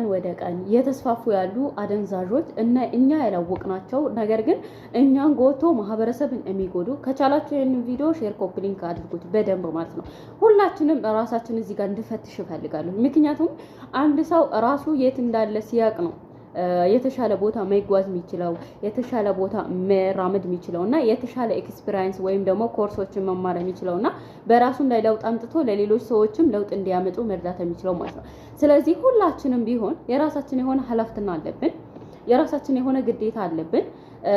ቀን ወደ ቀን የተስፋፉ ያሉ አደንዛዦች እና እኛ ያላወቅናቸው ነገር ግን እኛን ጎቶ ማህበረሰብን የሚጎዱ ከቻላችሁ ይህን ቪዲዮ ሼር ኮፒ ሊንክ አድርጉት በደንብ ማለት ነው። ሁላችንም ራሳችን እዚህ ጋር እንድፈትሽ እፈልጋለሁ። ምክንያቱም አንድ ሰው ራሱ የት እንዳለ ሲያቅ ነው የተሻለ ቦታ መጓዝ የሚችለው የተሻለ ቦታ መራመድ የሚችለው እና የተሻለ ኤክስፒሪንስ ወይም ደግሞ ኮርሶችን መማር የሚችለው እና በራሱም ላይ ለውጥ አምጥቶ ለሌሎች ሰዎችም ለውጥ እንዲያመጡ መርዳት የሚችለው ማለት ነው። ስለዚህ ሁላችንም ቢሆን የራሳችን የሆነ ኃላፊነት አለብን። የራሳችን የሆነ ግዴታ አለብን።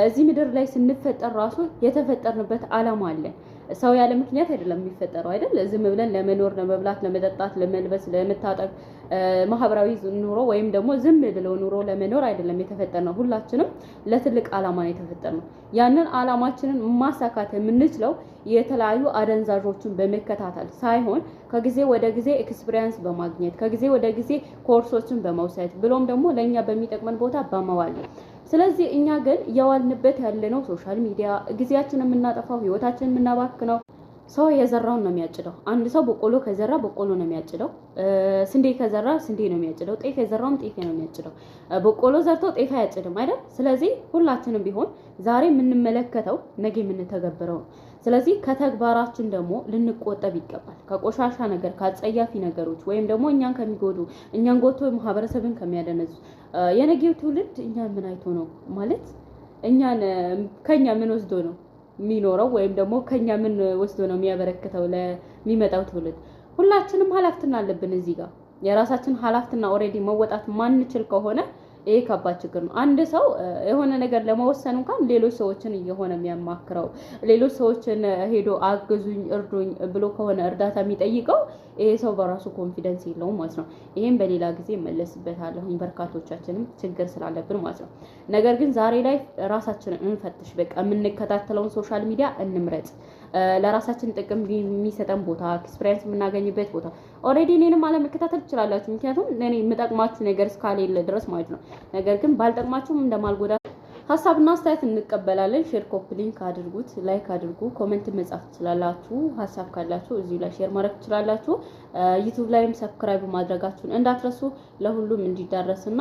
እዚህ ምድር ላይ ስንፈጠር ራሱ የተፈጠርንበት ዓላማ አለን። ሰው ያለ ምክንያት አይደለም የሚፈጠረው አይደል? ዝም ብለን ለመኖር ለመብላት፣ ለመጠጣት፣ ለመልበስ፣ ለመታጠብ ማህበራዊ ኑሮ ወይም ደግሞ ዝም ብለው ኑሮ ለመኖር አይደለም የተፈጠርነው። ሁላችንም ለትልቅ ዓላማ ነው የተፈጠርነው። ያንን ዓላማችንን ማሳካት የምንችለው የተለያዩ አደንዛዦችን በመከታተል ሳይሆን ከጊዜ ወደ ጊዜ ኤክስፒሪየንስ በማግኘት ከጊዜ ወደ ጊዜ ኮርሶችን በመውሰድ ብሎም ደግሞ ለእኛ በሚጠቅመን ቦታ በመዋል ስለዚህ እኛ ግን እየዋልንበት ያለነው ሶሻል ሚዲያ፣ ጊዜያችን የምናጠፋው ህይወታችን የምናባክነው ሰው የዘራውን ነው የሚያጭደው። አንድ ሰው በቆሎ ከዘራ በቆሎ ነው የሚያጭደው። ስንዴ ከዘራ ስንዴ ነው የሚያጭደው። ጤፍ የዘራውም ጤፍ ነው የሚያጭደው። በቆሎ ዘርተው ጤፍ አያጭድም አይደል? ስለዚህ ሁላችንም ቢሆን ዛሬ የምንመለከተው ነገ የምንተገብረው ነው። ስለዚህ ከተግባራችን ደግሞ ልንቆጠብ ይገባል። ከቆሻሻ ነገር፣ ከአጸያፊ ነገሮች ወይም ደግሞ እኛን ከሚጎዱ እኛን ጎቶ ማህበረሰብን ከሚያደነዙ የነገው ትውልድ እኛን ምን አይቶ ነው ማለት እኛን ከኛ ምን ወስዶ ነው የሚኖረው ወይም ደግሞ ከኛ ምን ወስዶ ነው የሚያበረክተው ለሚመጣው ትውልድ? ሁላችንም ኃላፊነት አለብን እዚህ ጋር የራሳችን ኃላፊነት ኦልሬዲ መወጣት ማንችል ከሆነ ይህ ከባድ ችግር ነው። አንድ ሰው የሆነ ነገር ለመወሰን እንኳን ሌሎች ሰዎችን እየሆነ የሚያማክረው ሌሎች ሰዎችን ሄዶ አግዙኝ፣ እርዱኝ ብሎ ከሆነ እርዳታ የሚጠይቀው ይሄ ሰው በራሱ ኮንፊደንስ የለውም ማለት ነው። ይህም በሌላ ጊዜ መለስበታለሁ። በርካቶቻችንም ችግር ስላለብን ማለት ነው። ነገር ግን ዛሬ ላይ ራሳችንን እንፈትሽ። በቃ የምንከታተለውን ሶሻል ሚዲያ እንምረጥ። ለራሳችን ጥቅም የሚሰጠን ቦታ፣ ኤክስፒሪየንስ የምናገኝበት ቦታ። ኦልሬዲ እኔንም አለመከታተል ትችላላችሁ፣ ምክንያቱም እኔ የምጠቅማችሁ ነገር እስካሌለ ድረስ ማለት ነው። ነገር ግን ባልጠቅማችሁም እንደማልጎዳ ሀሳብና አስተያየት እንቀበላለን። ሼር፣ ኮፒ ሊንክ አድርጉት፣ ላይክ አድርጉ፣ ኮሜንት መጻፍ ትችላላችሁ። ሀሳብ ካላችሁ እዚሁ ላይ ሼር ማድረግ ትችላላችሁ። ዩቲዩብ ላይም ሰብስክራይብ ማድረጋችሁን እንዳትረሱ፣ ለሁሉም እንዲዳረስና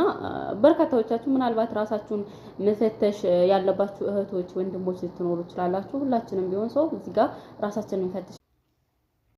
በርካታዎቻችሁ ምናልባት ራሳችሁን መፈተሽ ያለባችሁ እህቶች፣ ወንድሞች ልትኖሩ ትችላላችሁ። ሁላችንም ቢሆን ሰው እዚህ ጋር ራሳችንን ፈትሽ